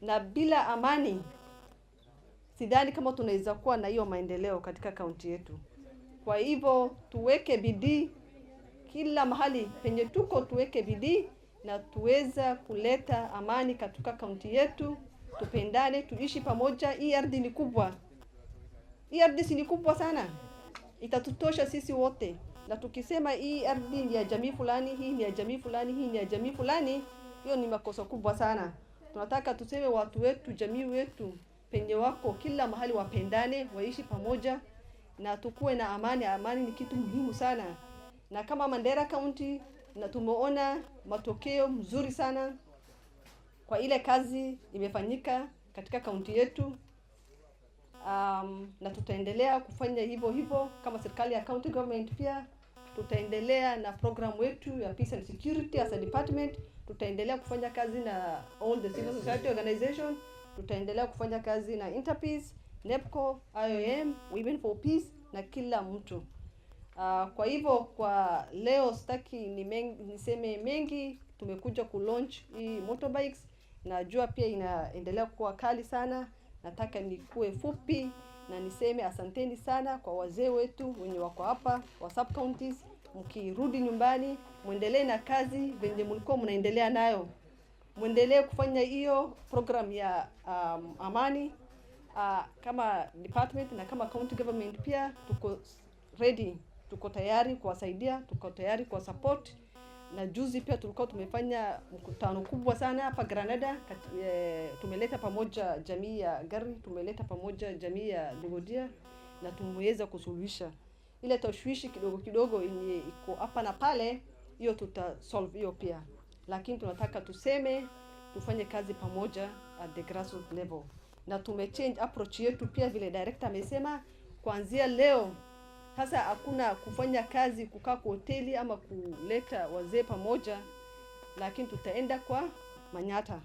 na bila amani, sidhani kama tunaweza kuwa na hiyo maendeleo katika kaunti yetu. Kwa hivyo tuweke bidii kila mahali penye tuko, tuweke bidii na tuweza kuleta amani katika kaunti yetu. Tupendane, tuishi pamoja. Hii ardhi ni kubwa, hii ardhi ni kubwa sana, itatutosha sisi wote. Na tukisema hii ardhi ni ya jamii fulani, hii ni ya jamii fulani, hii ni ya jamii fulani, hiyo ni makosa kubwa sana tunataka tuseme watu wetu, jamii wetu penye wako kila mahali wapendane, waishi pamoja na tukuwe na amani. Amani ni kitu muhimu sana, na kama Mandera County na tumeona matokeo mzuri sana kwa ile kazi imefanyika katika kaunti yetu. Um, na tutaendelea kufanya hivyo hivyo kama serikali ya county government pia tutaendelea na program wetu ya Peace and Security as a department. Tutaendelea kufanya kazi na all the civil society organization, tutaendelea kufanya kazi na Interpeace, NEPCO, IOM, Women for Peace na kila mtu uh. Kwa hivyo kwa leo sitaki ni mengi, niseme mengi. Tumekuja kulaunch hii motorbikes, najua pia inaendelea kuwa kali sana. Nataka nikuwe fupi na niseme asanteni sana kwa wazee wetu wenye wako hapa wa sub counties mkirudi nyumbani mwendelee na kazi venye mlikuwa mnaendelea nayo, mwendelee kufanya hiyo program ya um, amani uh, kama department na kama county government pia tuko ready, tuko tayari kuwasaidia, tuko tayari kwa support. Na juzi pia tulikuwa tumefanya mkutano kubwa sana hapa Granada kati, e, tumeleta pamoja jamii ya Gari, tumeleta pamoja jamii ya Legodia na tumeweza kusuluhisha ile toshwishi kidogo kidogo yenye iko hapa na pale, hiyo tuta solve hiyo pia, lakini tunataka tuseme, tufanye kazi pamoja at the grassroots level, na change approach yetu pia, vile director amesema, kuanzia leo sasa hakuna kufanya kazi kukaa kwa hoteli ama kuleta wazee pamoja, lakini tutaenda kwa manyata.